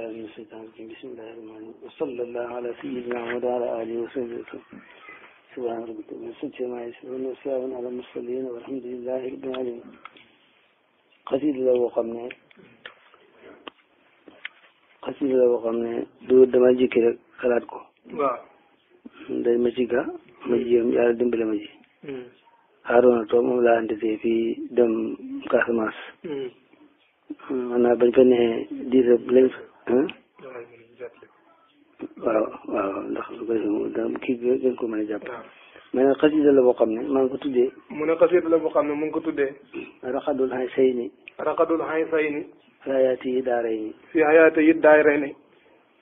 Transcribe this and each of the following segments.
بالله من الشيطان الرجيم بسم الله الرحمن الرحيم وصلى الله على سيدنا محمد وعلى آله وصحبه وسلم سبحان ربك رب العزة عما يصفون وسلام على المرسلين والحمد لله رب العالمين xasida la boo xam ne xasida la boo xam ne du dama jikki rek xalaat ko waaw day ma ci ga ma ji yom yàlla dimbale ma ji Haaruna hmm. toog moom laa anditee fii dem Casamance hmm. man naa bañ fa ne diisa lañ fa waaw waaw ndax su ko defee kii bi gën ko mën a jàpp. ma ne xasida la boo xam ne maa ngi ko tuddee. mu ne xasida la boo xam ne mu ngi ko tuddee. raqadul xay say ni. raqadul xay say ni. fi hayaati yi daaray ni. fi hayaati yi daaray ni.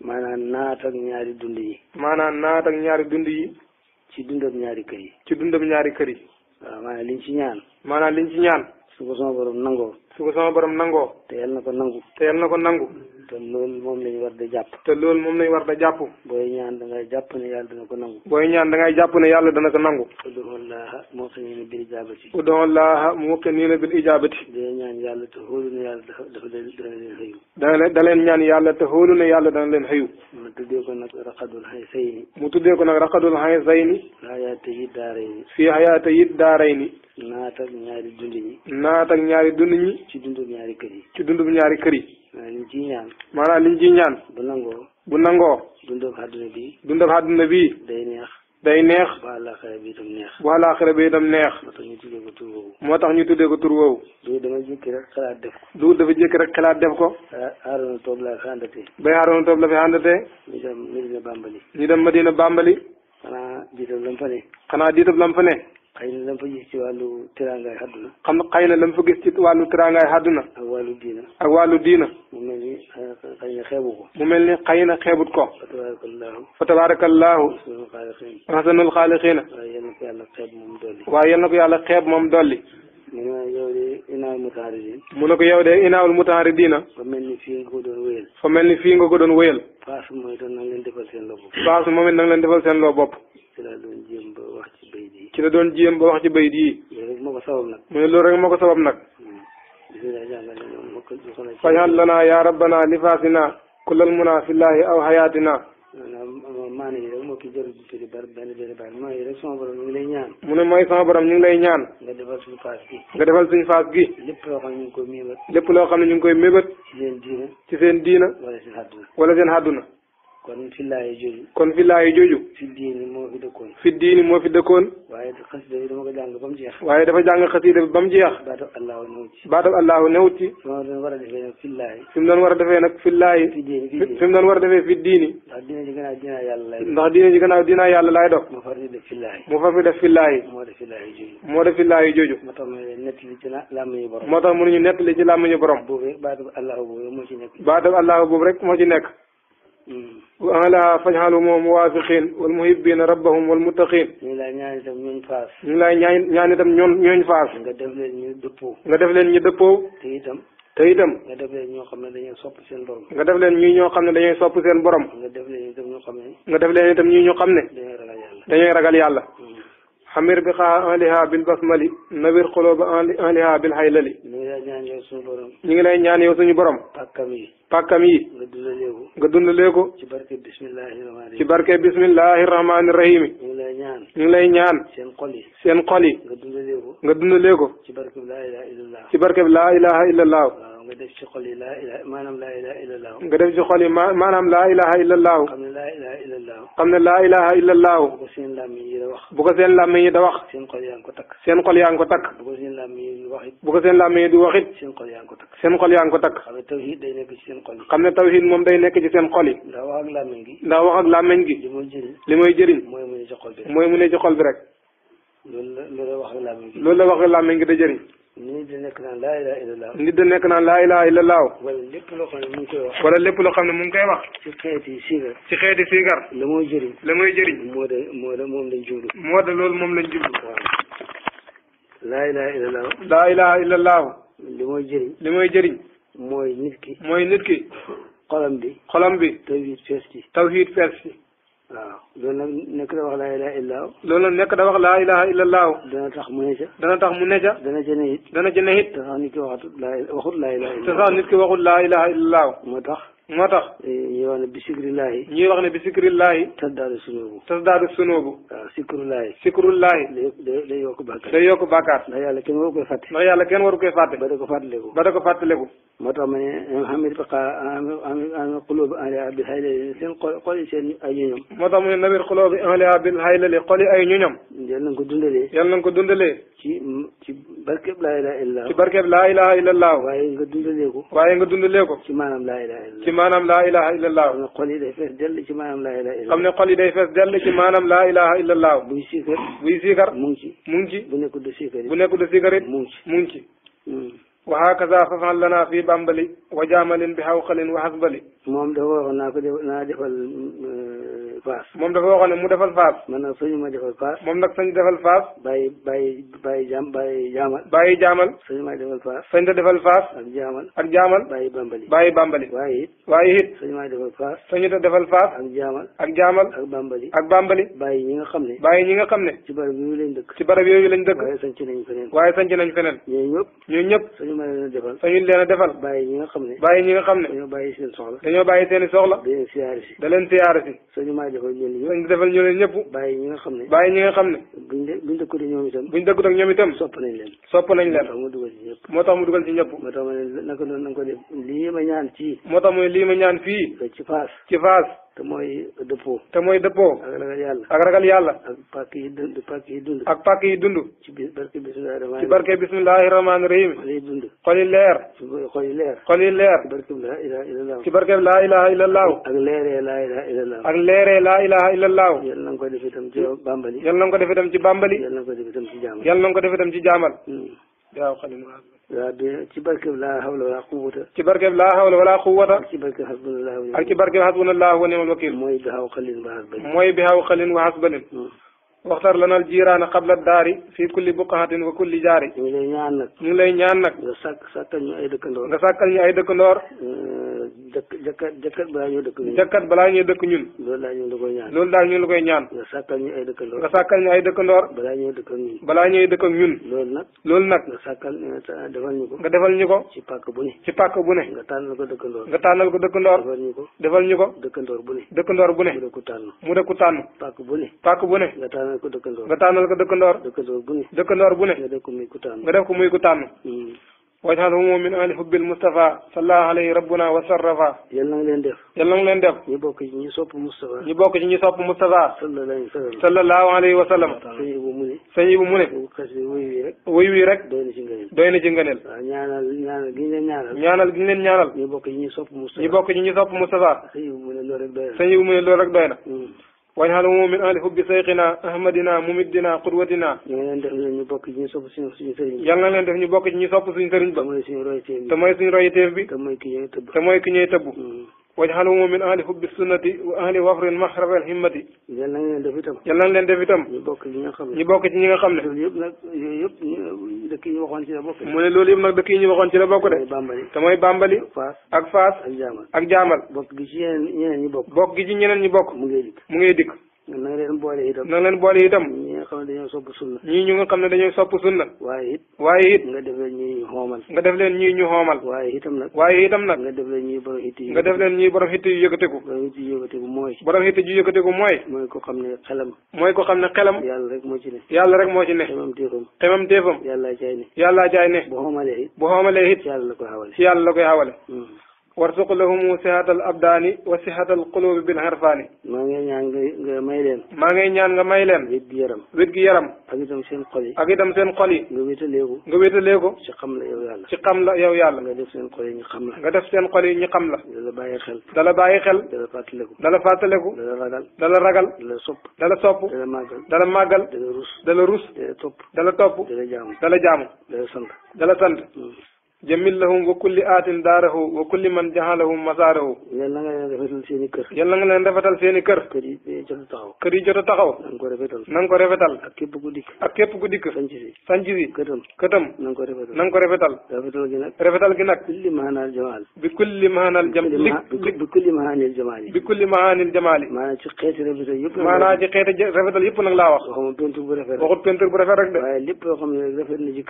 maanaam naat ak ñaari dund yi. maanaam naat ak ñaari dund yi. ci dundam ñaari kër yi. ci dundam ñaari kër yi. waaw maanaam liñ ci ñaan. maanaam liñ ci ñaan. su ko sama borom nangoo. su ko sama borom nangoo. te yal na ko nangu. te yal na ko nangu. te loolu moom la ñu war da jàpp. te loolu moom la ñu war da jàpp. booy ñaan da ngay jàpp ne yàlla dana ko nangu. booy ñaan da ngay jàpp ne yàlla dana ko nangu. ud'ullaaha muuqiniina bil ijaabati. ud'ullaaha muuqiniina bil ijaabati. day ñaan yàlla te xóolu ne yàlla dafa dafa leen dana leen xëyu. da leen da leen ñaan yàlla te xóolu ne yàlla dana leen xëyu. mu tuddee ko nag raqadul haysayni. mu tuddee ko nag raqadul haysayni. fi hayaati daarayni. fi hayaati daarayni. naat ak ñaari dund ñi. naat ak ñaari dund ñi. ci dundu ñaari kër yi. ci dundu ñaari kër yi. maanaam ñaan. maanaam liñ ciy ñaan. bu nangoo. bu nangoo. dundam àdduna bi. dundam àdduna bi. day neex. day neex. bu àllaaxira bi itam neex. bu àllaaxira bi itam neex. moo tax ñu tuddee ko tur woowu. moo tax ñu tuddee ko tur woowu. du dama jékki rek xalaat def ko. du dafa jékki rek xalaat def ko. Aaroona Toob la fi àndatee. bay Aaroona Toob la fi àndatee. ñu dem Medina Bambali. ñu dem Medina Bambali. xanaa diitam lam fa ne. xanaa diitam lam fa ne. xëy na lam fa gis ci wàllu teraangaay àdduna xam xëy na lam fa gis ci wàllu teraangaay àdduna ak wàllu diina ak wàllu diina mu mel ni xëy na xeebu ko mu mel ni xëy na xeebut ko fa tabarakallahu fa tabarakallahu xasanul xaalixiina waaye yal na ko yàlla xeeb moom dolli waaye yal na ko yàlla xeeb moom dolli mu ne yow de inaawul mutaaridiin. mu ne ko yow de inaawul mutaaridiina. fa mel ni fii nga ko doon wéyal. fa mel ni fii nga ko doon wéyal. paas mooy doon na nga leen defal seen loo bopp. paas moom it na nga leen defal seen loo bopp. doon jéem ba wax ci bayit yi. ci la doon jéem ba wax ci bayit yi. loolu rek moo ko sabab nag. mu ne loolu rek moo ko sabab nag. fajal lanaa yaa rabbanaa li faasinaa kullal munaa fillaahi aw hayaatinaa. maanaam ki jarul ci firi bar lay ñaan. mu ne mooy sama borom ñu ngi lay ñaan. nga defal suñu faas gi. nga defal suñu faas gi. lépp loo xam ne ñu koy mébét. lépp loo xam ne ñu ngi koy mébét. ci seen diina. wala seen àdduna. kon fillaayu jooju. kon fillaayu jooju. fi diini moo fi dëkkoon. fi diini moo fi dëkkoon. waaye xasida bi dama ko jàng ba mu jeex. waaye dafa jàng xasida bi ba mu jeex. baatab allahu newut ci. baatab allahu newut ci. fi mu doon war a defee nag fillaayu. fi mu doon war a defee nag fillaayu. fi diini fi diini fi mu doon war a defee fi diini. ndax diine ji gannaaw dinaa yàlla lay dox. ndax diine ji gannaaw dinaa yàlla lay dox. mu far fi def fillaayu. mu far fi def fillaayu. moo def fillaayu jooju. moo def fillaayu jooju. moo tax mënuñu nettali ci làmmiñu borom. moo tax mënuñu nettali ci làmmiñu borom. baatab allahu boobu rek moo ci nekk. wa ahlihaa faj'alhum muwaafiqiin wal muhibbiina rabbahum wal muttaqiin. ñu ngi lay ñaan itam ñooñ faas. ñu ngi lay ñaan ñaan itam ñooñ ñooñ faas. nga def leen ñu dëppoo. nga def leen ñu dëppoo. te itam. te itam. nga def leen ñoo xam ne dañuy sopp seen borom. nga def leen ñii ñoo xam ne dañuy sopp seen borom. nga def leen itam ñoo xam ne. nga def leen itam ñii ñoo xam ne. dañuy ragal yàlla. dañuy ragal yàlla. Mm. xamir bi xaa enliha bil basmali nawir xolooba enliha bil haylali ñu ngi lay ñaan yow suñu borom pàkkam yi pàkkam yi nga dundalee ko nga dundalee ko ci barke bismillahi rahmaani ci barke bismillahi rahmaani rahim ñu ngi lay ñaan ñu ngi lay ñaan seen xol yi seen xol yi nga dundalee ko nga dundalee ko ci barke bi laa ilaha illallah ci barke bi laa ilaha illallah nga def ci xol yi laa ilaha maanaam laa ilaha illallah. nga def ci xol yi maanaam laa ilaha illallah. xam ne laa ilaha illallah. xam ne laa ilaha illallah. bu ko seen làmmiñ yi da wax. bu ko seen làmmiñ yi da wax. seen xol yaa ngi ko takk. seen xol yaa ngi ko takk. bu ko seen làmmiñ yi du wax it. bu ko seen làmmiñ yi du wax it. seen xol yaa ngi ko takk. seen xol yaa ngi ko takk. xam ne tawhid day nekk ci seen xol yi. xam ne tawhid moom day nekk ci seen xol yi. ndax wax ak làmmiñ gi. ndax wax ak làmmiñ gi. li muy jëriñ. li muy jëriñ. mooy mu ne ci xol bi rek. mooy mu ne ci xol bi rek. loolu la loolu la wax ak làmmiñ gi. loolu la wax ak làmmiñ gi da jëriñ nit di nekk naan laa ilaha illallah. nit di nekk naan laa ilaha illallah. wala lépp loo xam ne mu ngi koy wax. wala lépp loo xam ne mu ngi koy wax. ci xeeti siigar. ci xeeti siigar. la mooy jëriñ. la mooy jëriñ. moo de moo de moom lañ jublu. moo de loolu moom lañ jublu. waaw laa ilaha illallah. laa ilaha illallah. li mooy jëriñ. li mooy jëriñ. mooy nit ki. mooy nit ki. xolam bi. xolam bi. tawhid fees ci. tawhid fees ci. waaw loolu nag nekk da wax laa ilaha illaahu loolu nag nekk da wax laa ilaha illallaahu dana tax mu ne ca dana tax mu ne ca dana ca ne it dana ca ne it te sax nit ki waxut laa waxut laa ilaha illallaahu te sax nit ki waxut laa ilaha illallaahu moo tax moo tax. Eh, ñuy wax ne bisikirillaahi. ñuy wax ne bisikirillaahi. tasdaadu sunoobu. tasdaadu sunoobu. waaw sikrullaahi. sikrullaahi. day day yokk bàkkaar. day yokk bàkkaar. ndax yàlla kenn waru koy fàtte. ndax yàlla kenn waru koy fàtte. ba da ko fàttaliku. ba da ko fàttaliku. moo tax ma ne Amir Baqa Amir Amir Qulub Aliha bil Haylali seen xol xol seen ay ñoñam. moo tax mu ne Amir Qulub Aliha bil Haylali xol yi ay ñoñam. yal na nga ko dundalee. yal na nga ko dundalee. ci ci. barkeb laa ilaha illallah. ci barkeb laa ilaha illallah. waaye nga dundalee ko. waaye nga dundalee ko. ci maanaam laa ilaha illallah. ci maanaam laa ilaha illallah. xam ne xol yi day fees dell ci maanaam laa ilaha illallah. xam ne xol yi day fees dell ci maanaam laa ilaha illallah. buy siikar. buy siikar. mu ngi ci mu ngi ci. bu nekkul du siikar it. bu nekkul du siikar it. mu mu ngi wa hakaza fafan lana fii bambali wa jaamalin bi xawqalin wa xasbali moom dafa waxoon naa ko def naa defal euh, faas moom dafa waxoon ne mu defal faas man nag suñu ma defal faas moom nag sañ defal faas bàyyi bàyyi bàyyi jaam bàyyi jaamal bàyyi jaamal suñu ma defal faas sañ da defal faas ak jaamal ak jaamal bàyyi bambali bàyyi bambali waaye it waaye it suñu ma defal faas sañu da defal faas ak jaamal ak jaamal ak bambali ak bambali bàyyi ñi nga xam ne bàyyi ñi nga xam ne ci barab yooyu lañ dëkk ci barab yooyu lañ dëkk waaye sañc nañ feneen waaye sañc nañ feneen ñooñu ñëpp ñooñu ñëpp ma leen defal sañu leen a defal bàyyi ñi nga xam ne bàyyi ñi nga xam ne dañoo bàyyi seen soxla dañoo bàyyi seen i soxla da leen siyaare si da leen siyaare si sañu maa defal ñun ñëpp sañu defal ñu leen ñëpp bàyyi ñi nga xam ne bàyyi ñi nga xam ne buñ de buñ dëkkut ak ñoom itam buñ dëkkut ak ñoom itam sopp nañ leen sopp nañ leen moo tax mu dugal ci ñëpp moo tax mu dugal ci ñëpp moo tax ma ne naka noonu na nga ko def lii ma ñaan ci moo tax mu ne lii ma ñaan fii ci faas ci faas te mooy dëppoo. te mooy dëppoo. ak ragal yàlla. ak ragal yàlla. ak pàcc yi dund pàcc yi dund. ak pàcc yi dund. ci barke bismillahi rahmaani. ci barke bismillahi rahmaani rahim. xol yi dund. xol yi leer. xol yi leer. xol yi leer. ci barke laa ilaha illallah. ci barke laa ilaha illallah. ak leeree laa ilaha illallah. ak leeree laa ilaha illallah. yal na nga ko def itam ci bàmbali. yal na nga ko def itam ci bàmbali. yal na nga ko def itam ci jaamal. yal na nga ko def itam ci jaamal. waaw xale mu ci barkeb laa hawla wala quwwata ci barkeb laa hawla wala quwwata ak ci barkeb hasbunallah ak ci barkeb hasbunallah wa ni'mal wakil mooy bi haw xalin wa hasbalin mooy bi haw xalin wa hasbalin hmm. waxtar lanal jiiraana qabla daari fii kulli buqaatin wa kulli jaari ñu ngi lay ñaan nag ñu ngi lay ñaan nag nga sàkk sàkkal ñu ay dëkkandoor nga sàkkal ñu ay dëkkandoor hmm. jëkkat jëkkat balaa ñoo dëkk ñun. jëkkat balaa ñoo dëkk ñun. loolu daal ñu la koy ñaan. loolu daal ñu la koy ñaan. nga sàkkal ñu ay dëkkandoor. nga sàkkal ñu ay dëkkandoor. balaa ñoo dëkk ak ñun. balaa ñoo dëkk ak ñun. loolu nag. loolu nag nga sàkkal eh, defal ñu ko. nga defal ñu ko. ci pàkk bu ne. ci pàkk bu ne. nga tànnal ko dëkkandoor. nga tànnal ko dëkkandoor. defal ñu ko. defal ñu ko. dëkkandoor bu ne. dëkkandoor bu ne. mu dëkku tànn. mu dëkku tànn. pàkk bu ne. pàkk bu ne. nga tànnal ko dëkkandoor. nga tànnal ko dëkkandoor. dëkkandoor bu ne. dëkkandoor bu ne. nga def ko muy ku tànn. nga def ko muy ku tànn. Hmm. waj'alhum min ahli hubbil Mustafa salla alayhi rabbuna wa sarrafa. yal na nga leen def. yal na nga leen def. ñu bokk ci ñu sopp Mustafa. ñu bokk ci ñu sopp Mustafa. sallallahu alayhi wa sallam. sëñ bu mu ne. sëñ bu mu ne. wuy wii rek. doy na ci ngëneel. doy na ci ngëneel. waaw ñaanal ñaanal gi ñu leen ñaanal. ñaanal gi ñu leen ñaanal. ñu bokk ci ñu sopp Mustafa. ñu bokk ci ñu sopp Mustafa. sëñ bu mu ne loolu rek doy na. waj'alhu min ahli hubbi sayxina ahmadina mumiddina qudwatina yal na leen def ñu bokk ci ñu sopp suñu suñu sëriñ yal na leen def ñu bokk ci ñu sopp suñu sëriñ ba te mooy suñu royteef bi te mooy ki ñuy tëbb te mooy ki ñuy tëbb mm. waj'alhu min ahli hubbi sunnati wa ahli wafrin mahrabal himmati yal na leen def itam yal na leen def itam ñu bokk ci ñi nga xam ne ñu bokk ci ñi nga xam ne yooyu yëpp nag yooyu yëpp dëkk ñu waxoon ci la bokk mu ne loolu yëpp nag dëkk yi ñu waxoon ci la bokk de bambali te mooy bambali ak faas ak jaamal bokk gi ci ñeneen ñi bokk bokk gi ci ñeneen ñi bokk mu ngay dikk mu dikk na nga leen boole itam na nga leen boole itam ñi nga xam ne dañoo sopp sunna ñii ñu nga xam ne dañoo sopp sunna waaye it waaye it nga def leen ñii ñu xoomal nga def leen ñii ñu xoomal waaye itam nag waaye itam nag nga def leen ñii borom hitti yu nga def leen ñii borom hitti yu yëkkateku borom hitti yu yëkkateku mooy borom hitti yu yëkkateku mooy mooy ko xam ne xelam mooy ko xam ne xelam yàlla rek moo ci ne yàlla rek moo ci ne xemam téefam xemam téefam yàllaa jaay ne yàllaa jaay ne bu xoomalee it bu xoomalee it yàlla la koy xawale yàlla la koy xawale hmm. warzuq lahum sihatal abdaani wa sihatal qulubi bil harfaani. maa ngi ñaan nga may leen. maa ngi ñaan nga may leen. wér gi yaram. wér gi yaram. ak itam seen xol yi. ak itam seen xol yi. nga wétalee ko. nga wétalee ko. ci xam la yow yàlla. ci xam la yow yàlla. nga def seen xol yi ñu xam la. nga def seen xol yi ñu xam la. dala bàyyi xel. dala bàyyi xel. dala fàttaliku. dala fàttaliku. dala ragal. dala ragal. dala sopp. dala sopp. dala màggal. dala màggal. dala rus. dala rus. dala topp. dala jam dala jaamu. dala jaamu. jamil lahum wa kulli aatin daarahu wa kulli man jaxalahu masaarahu yàlla nga leen rafetal seen i kër yàlla nga leen rafetal seen i kër kër yi jot a taxaw kër yi a taxaw na ko rafetal na ko rafetal ak képp ku dikk ak képp ku dikk sanc si sanc si këtam këtam na ko rafetal na ko rafetal rafetal gi nag rafetal gi nag kulli maanaal jamaal bi kulli maanaal jam li kulli maanaal jamaal bi kulli maanaal jamaal maanaam ci xeeti rafetal yëpp maanaam ci xeeti rafetal yëpp nag laa wax waxuma peinture bu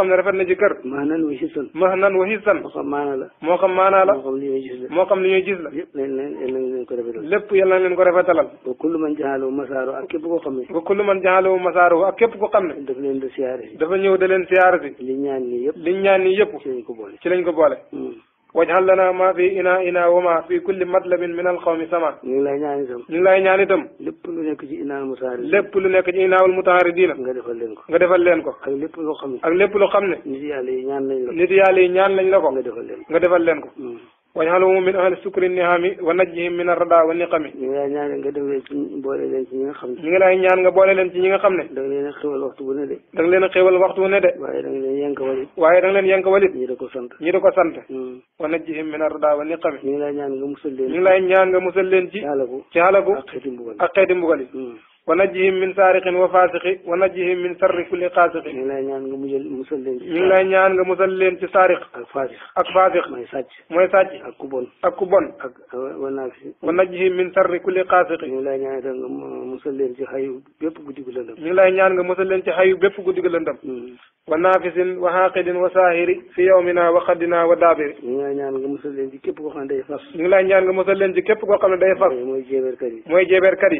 xam ne rafet na hisan mahnan wa hisan moo xam maanaa la moo xam maanaa la moo xam li ñuy gis la moo li ñuy gis la yëpp leen leen yal nañ leen ko rafetal ko rafetalal wa kullu man jaxalawu masaaru ak képp koo xam ne wa kullu man jaxalawu masaaru ak képp koo xam ne daf dafa ñëw da leen siyaare si liñ ñaan nii yëpp liñ ñaan nii yëpp ci ko boole ci ko boole hmm. wajhal lana ma fi ina ina wa ma fi kulli matlabin min alqawmi sama ñu ngi lay ñaan itam ñu ngi lay ñaan itam lépp lu nekk ci inaawul mutaari lépp lu nekk ci inaawul mutaari nga defal leen ko nga defal leen ko ak lépp loo xam ne ak lépp loo xam ne nit yàlla yi ñaan lañ la yàlla yi ñaan lañ la ko nga defal leen nga defal leen ko mm. wajalhum min ahli sukri nihami wa najjihim min arrada nga def leen ci boole leen ci nga xam ne ñu ngi lay ñaan nga boole leen ci ñi nga xam ne da nga leen a xéwal waxtu bu ne de da leen a xéwal waxtu bu ne de waaye da nga leen yànk walit nga leen yànk walit ko sant ñi da ko sant wa najjihim min arrada wa niqami ñu ngi lay ñaan nga musal leen ñu ngi lay ñaan nga musal leen ci ci xalaku ak xeeti mbugal yi wa najjihim min saariqin wa faasiqi wa najjihim min sarri kulli lay ñaan nga musal leen. ci saariq. ak faasiq ak faasiq. mooy sàcc. mooy sàcc. ak ku bon. ak ku bon. ak wa naafis. wa najjihim min sarri kulli qaasiqi. ñu ngi lay ñaan itam nga musal leen ci xayu bépp guddi gu lëndëm. ñu ngi lay ñaan nga musal leen ci xayu bépp guddi gu lëndëm. Mm. wa naafisin wa xaaqidin wa saahiri fi yawmina wa xaddina wa daabiri. ñu ngi lay ñaan nga musal leen ci képp koo xam ne day fas. ñu ngi lay ñaan mooy jéebeerkat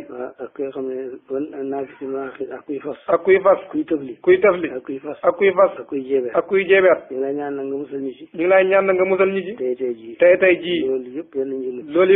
ak kuy fas. ak kuy fas. kuy tëfli. kuy tëfli. ak kuy fas. ak kuy fas. ak kuy jébeer. ak kuy jébeer. ñu ngi lay ñaan na nga musal ñu ci. ñu ngi lay ñaan na nga musal ñu ci. tey tey jii. tey tey jii. loolu yëpp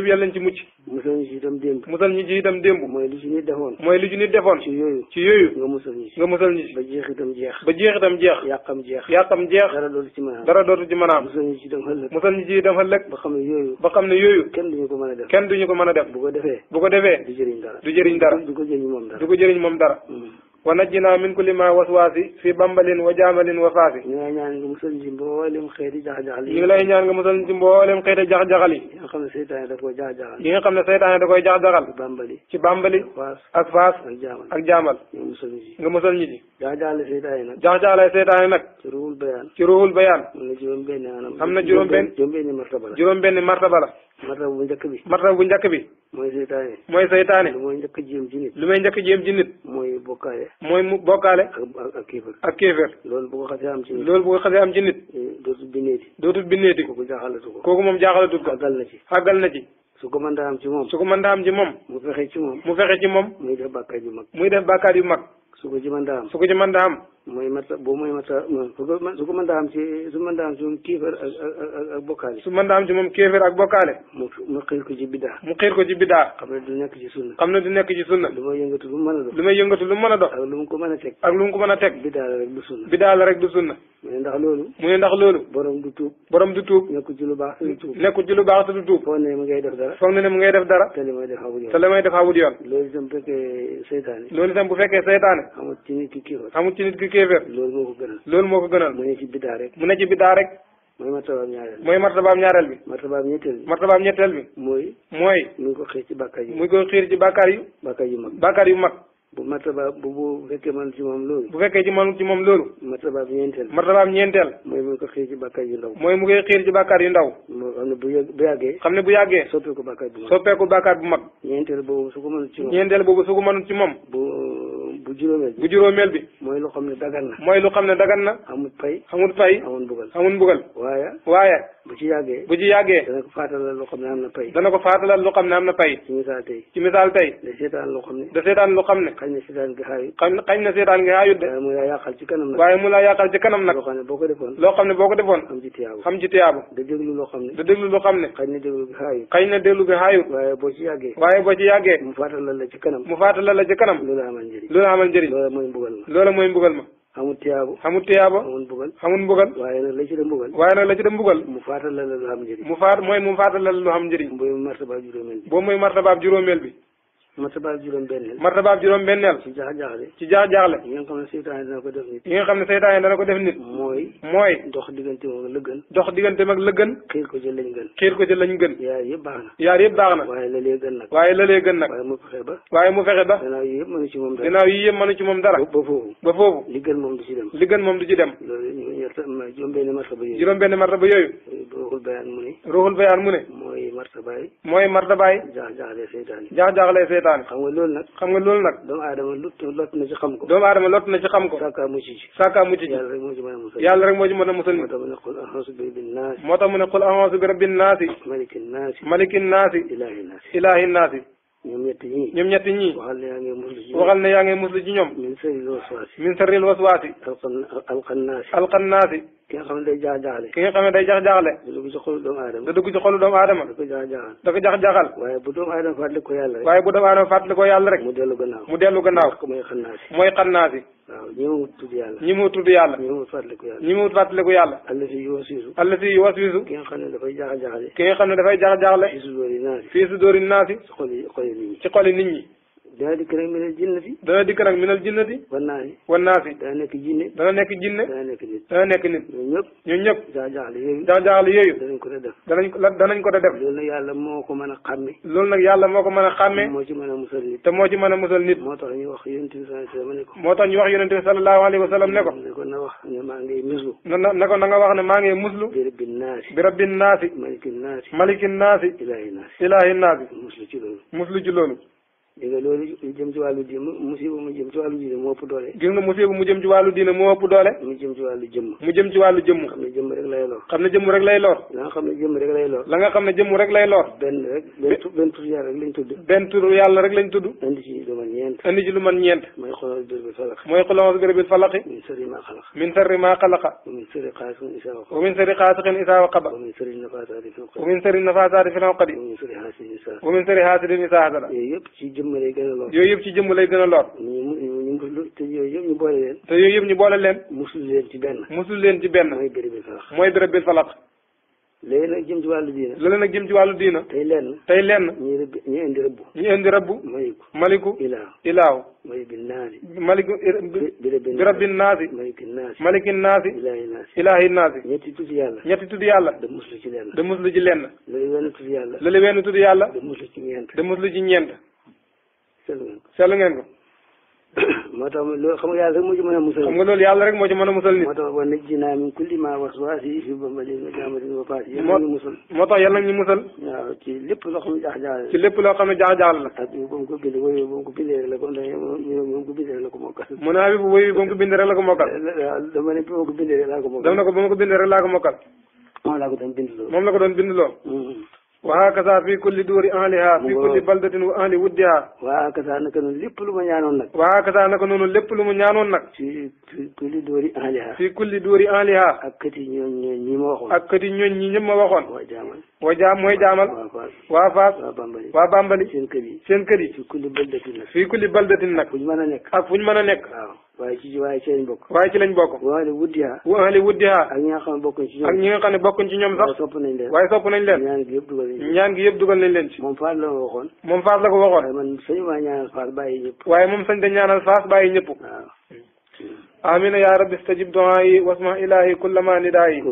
yal nañ ci mucc. loolu yëpp yal nañ ci mucc. musal ñu ci itam démb. musal ñu ci itam démb. mooy li ci nit defoon. mooy li ci nit defoon. ci yooyu. ci yooyu. nga musal ñu ci. nga musal ñu ci. ba jeex itam jeex. ba jeex itam jeex. yàqam jeex. yàqam jeex. dara dootu ci mën a am. dara dootu ci mën a am. musal ñu ci itam ëllëg. musal ñu ci itam ëllëg. ba xam ne yooyu. ba xam ne yooyu. kenn duñu ko mën a def. kenn duñu ko mën a def. bu ko defee. bu ko defee. du jëriñ dara. du jëriñ dara. jëriñ moom dara du ko jëriñ moom dara. Mm. wa najjinaa min kulli maa waswaasi fi bambalin wa jaamalin wa faasi. ñu ngi lay ñaan nga musal ci mboolem xeeti jaxajaxal yi. ñu ngi lay ñaan nga musal ci mboolem xeeti jaxajaxal yi. yi nga xam ne seytaane da koy jaxajaxal. yi nga xam ne seytaane da koy jaxajaxal. ci bambali. ci bambali. ak faas ak jaamal ak jaamal. nga musal ñu ci. nga musal ñu ci. jaxajaxale seytaane nag. jaxajaxale seytaane nag. ci ruuxul bayaan. ci ruuxul bayaan. am na juróom-benni anam. am na juróom-benn juróom-benni martaba la. juróom-benni martaba la. mataw bu njëkk bi mataw bu njëkk bi mooy seytaane mooy seytaane lu may njëkk jéem ci nit lu may njëkk jéem ci nit mooy bokkaale mooy mu bokkaale ak kéefër ak kéefër loolu bu ko xasee am ci nit loolu bu ko xasee am ci nit eh, dootul binneeti dootul binneeti kooku jaaxalatu ko kooku moom jaaxalatu ko àggal na ci àggal na ci su ko mën daa am ci moom su ko mën daa am ci moom mu fexe ci moom mu fexe ci moom muy def bàkkaat yu mag muy def bàkkaat yu mag su ko ci mën daa am su ko ci mën daa am mooy mata boobu mooy mata su ko su ko mën daa am ci su mën daa am ci moom kéefër ak ak ak bokkaale. su mën daa am ci moom kéefër ak bokkaale. mu mu xiir ko ci biddaa. mu xiir ko ci biddaa. xam ne du nekk ci sunna. xam ne du nekk ci sunna. lu may yëngatu lu mu mën a dox. lu may yëngatu lu mu mën a dox. ak lu mu ko mën a teg. ak lu mu ko mën a teg. biddaa la rek du sunna. biddaa la rek du sunna. mu ne ndax loolu. mu ne ndax loolu. borom du tuub. borom du tuub. nekkul ci lu baax te du tuub. nekkul ci lu baax te du tuub. foog na ne mu ngay def dara. foog na ne mu ngay def dara. te li may def awut yoon. te li may def awut yoon. loolu itam bu fekkee seytaane. loolu itam bu fekkee seytaane. amut ci nit ki kii kéeféer loolu moo ko gënal loolu moo ko gënal mu ne ci biddaa rek mu ne ci biddaa rek mooy martabaam ñaareel bi mooy martabaam ñaareel bi martabaam ñetteel bi martabaam ñetteel bi mooy mooy mu ngi ko xiir ci bàkkaar yi mu ngi ko xiir ci bàkkaar yu bàkkaar yu mag bàkkaar yu mag bu martaba bu bu fekkee man ci moom loolu bu fekkee ci man ci moom loolu martabaam ñeenteel martabaam ñeenteel mooy mu ngi ko xiir ci bàkkaar yu ndaw mooy mu ngi xiir ci bàkkaar yu ndaw moo xam ne bu bu yàggee xam ne bu yàggee soppeeku bàkkaar bu mag soppeeku bàkkaar bu mag ñeenteel boobu su ko mënul ci moom ñeenteel boobu su ko mënul ci moom bu juróomeel bi bu juróomeel bi. mooy lu xam ne dagan na. mooy lu ne dagan na. amul pay. amul pay amul bugal amul bugal. waaye. waaye. bu ci yàggee. bu ci yàggee. dana ko faatalal lu xam ne am na pay. dana ko faatalal lu xam ne am na pay. ci misaal tey. ci misaal tey. da seetaan ne. da seetaan lu xam ne. xañ na seetaan gi xaayut. xañ xañ na seetaan gi xaayut de. waaye mu laa yàqal ci kanam nag. waaye ne boo ko ne boo ne. da déglu loo xam ne. xañ na déglu gi xaayut. xañ na déglu gi la ci kanam. mu faatalal la ci amal njëriñ. loola mooy mbugal ma loola mooy mbugal ma. amul tiyaabo amul tiyaabo amul mbugal amul mbugal waaye nag la ci da mbugal waaye nag la ci da mbugal mu faatal la la lu am njëriñ mu faat mooy mu faatal bi martabaab juróom-benneel martabaab juróom-benneel ci jaax jaaxle ci jaax jaaxle yi nga xam ne seytaane dana ko def nit yi nga xam ne seytaane dana ko def nit mooy mooy dox diggante mag lëggan dox diggante mag lëggan xiir ko ci lañ gën ko ci lañ gën yaar yëpp na yaar yëpp baax na waaye lalee gën nag waaye lalee ba waaye mu fexe ba gannaaw yi yëpp mënu ci moom dara ba foofu ba foofu li ci dem li gën moom du ci dem loolu juróom martaba yooyu juróom martaba yooyu ruuxul bayaan mu ne ruuxul bayaan mu ne mooy seytaane xam nga loolu nag xam na na ci xam ko saakaa moo ci a moo ci mën a qul a'uuzu bi rabbin naasi malikin naasi malikin naasi ñoom ñett ñii. ñoom ñett ñii. waxal ne yaa ngi muslu ci ñoom. waxal ne yaa ngi muslu ci ñoom. min sarril waswaasi. min sarril waswaasi. alqannaasi. alqannaasi. ki nga xam ne day jaax jaaxle. ki nga xam ne day jax jaaxle. da dugg ci xolu doomu aadama. da dugg ci xolu doomu aadama. da ko jax jaaxal. da ko jax jaaxal. waaye bu doomu aadama fàttali ko yàlla rek. waaye bu doomu aadama fàttali ko yàlla rek. mu dellu gannaaw mu dellu gannaaw. mooy xannaasi. mooy xannaasi. waaw ñi ma wut tudd yàlla. ñi ma wut tudd yàlla. ñi ma wut fàttaliku yàlla. ñi ma wut fàttaliku yàlla. allati yuwaswisu. allati yuwaswisu. ki nga xam ne dafay jaaxal jaaxale. ki nga xam ne dafay jaaxal jaaxale. fii sudóori naasi. fii sudóori naasi. ci xol yi xol yi nit ñi. ci xol yi nit daalika nag minal jinnati dana dikk nag minal jinnati wannaasi wannaasi dana nekk jinne dana nekk jinne dana nekk nit dana nekk nit ñoo ñëpp ñoo ñëpp jaa jaaxle yooyu jaa jaaxle yooyu danañ ko da def danañ ko danañ ko da def loolu nag yàlla moo ko mën a xàmme loolu nag yàlla moo ko mën a xàmme moo ci mën a musal nit te moo ci mën a musal nit moo tax ñu wax yonente bi sallallahu alayhi wa sallam ne ko moo tax ñu wax yonente bi sallallahu alayhi wa sallam ne ko ne ko na wax ne maa ngay muslu na na ko na nga wax ne maa ngay muslu bi rabbi naasi bi rabbi naasi maliki naasi maliki naasi ilaahi naasi ilaahi naasi muslu ci loolu muslu ci loolu dégg nga loolu jëm ci wàllu diine musiba mu jëm ci wàllu diine moo ëpp doole gis nga musiba mu jëm ci wàllu diine moo ëpp doole mu jëm ci wàllu jëmm mu jëm ci wàllu jëmm xam ne jëmm rek lay lor xam ne jëmm rek lay lor la nga xam ne jëmm rek lay lor la nga xam ne jëmm rek lay lor benn rek benn tur yàlla rek lañ tudd benn tur yàlla rek lañ tudd indi ci lu man ñeent indi ci lu man ñeent mooy xolons bërbil falaq mooy xolons bërbil falaqi min sëri maa xalaqa min sëri maa xalaqa wa min sëri xaasiqin isaa waqaba wa min sëri xaasiqin isaa waqaba wa min sëri nafasaati fil uqad wa min sëri nafasaati fil uqad wa min sëri haasidin isaa hasada jëmm lay gën a lor. yooyu yëpp ci jëmm lay gën a lor. ñu te yooyu yëpp ñu boole leen. te ci benn. musul ci benn. mooy bi falax. mooy béréb bi falax. léegi nag jëm ci wàllu diina. léegi nag jëm ci wàllu diina. tey lenn. tey lenn. ñu rëbb ñu indi rëbb. ñu indi rëbb. maliku maliku. ilaahu ilaahu. maliku naasi. naasi. maliki naasi. maliki naasi. ñetti tudd yàlla. ñetti tudd yàlla. da muslu ci lenn. da muslu ci lenn. lële wenn tudd yàlla. lële ci ñeent. seetlu ngeen ko. moo tax loolu xam nga yàlla rek moo ci mën a musal. xam nga loolu yàlla rek moo ci mën a musal nit. moo tax wa najjinaa min kulli maa waswaasi fi bambali nga jaamatin wa paas yàlla ñu musal. moo tax yàlla ñu musal. waaw ci lépp loo xam ne jaax-jaax la. ci lépp loo xam ne jaax-jaax la. ak ba mu ko bindee woy ba mu ko bindee rek la ko moom ko bindee rek la ko mokkal. mu ne Habib woy ba mu ko bindee rek la ko mokkal. waaw dama ne ba mu ko bindee rek laa ko mokkal. dama ne ko ba mu ko bindee rek laa ko mokkal. moom laa ko doon bind lool. moom la ko doon bind lool. Mm-hmm. وهكذا في كل دور أهلها في كل بلدة وأهل ودها وهكذا نكن لب لما نانون نك وهكذا نكن لب لما نانون نك في كل دور أهلها في كل دور أهلها أكدي نيون نيون ما وخون أكدي نيون نيون ما وخون وجامل وجام موي جامل وافاس وبامبلي وبامبلي سين كبي سين كبي في كل بلدة نك في كل بلدة نك فوج مانا نك فوج مانا نك waaye ci waaye ci lañ bokk waaye ci lañ bokk wa ahli wuddiha wa ahli wuddiha ak ñi nga xam ne bokkuñ ci ñoom ak ñi nga xam ne bokkuñ ci ñoom sax sopp nañ leen waaye sopp nañ leen ñaan gi yëpp dugal nañ ñaan gi yëpp dugal nañ leen ci moom Faas la ma waxoon moom Faas la ko waxoon waaye man sañ maa ñaanal Faas bàyyi ñëpp waaye moom sañ da ñaanal Faas bàyyi ñëpp waaw amina ya rabbi stajib du'aa'i wasma ilahi kullama nidaa'i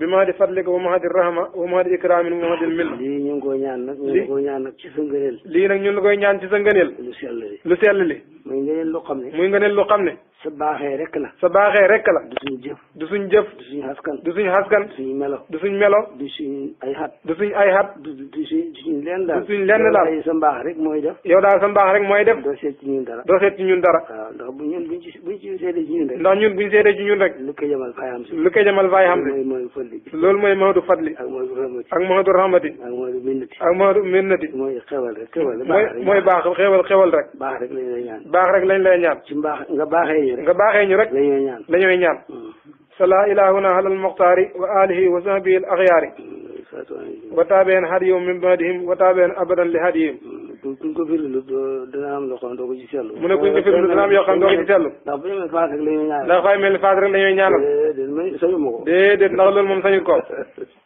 bi maa di fadlika wa maa di rahma wa maa di ikraamin wa maa di min lii ñu ngi koy ñaan nag ñu ngi koy ñaan nag ci sa ngëneel lii nag ñu ngi koy ñaan ci sa ngëneel lu sell li lu sell li muy ngëneel lu xam ne muy ngëneel lu xam ne sa baaxee rek la sa baaxee rek la du suñ jëf du suñ jëf du suñ xaskan du suñ xaskan du suñ melo du suñ melo du suñ ay xat du suñ ay xat du du suñ du suñ lenn daal du suñ lenn daal sa mbaax rek mooy def yow daal sa mbaax rek mooy def doo seet ci ñun dara doo seet ci ñun dara waaw ndax bu ñun buñ ci buñ ci seedee ci ñun rek ndax ñun buñ seedee ci ñun rek lu ko jëmal fay xam si lu ko jëmal fay xam si fadli loolu mooy Maodo fadli ak Maodo rahmati ak Maodo rahmati ak Maodo minnati ak Maodo minnati mooy xewal rek xewal mooy mooy baax xewal xewal rek baax rek lañ lay ñaan baax rek lañ lay ñaan ci mbaax nga baaxee ñu rek nga baaxee ñu rek lañuy ñaan lañuy ñaan mm. sala ilahuna ala almuxtaari wa alihi wa sahbihi al axyaari mm, wa taabeen hadiyum min badihim wa taabeen abadan li hadiyim mm. kuñ ko firilu dina am loo xam ne doo ko ci seetlu mu ne kuñ ko firilu dina am yoo xam ne doo ko ci seetlu ndax bu ñu mel faas rek la ñuy ñaanal ndax fay mel ni faas rek la ñuy ñaanal déedéet sañu ma ko déedéet ndax loolu moom sañu ko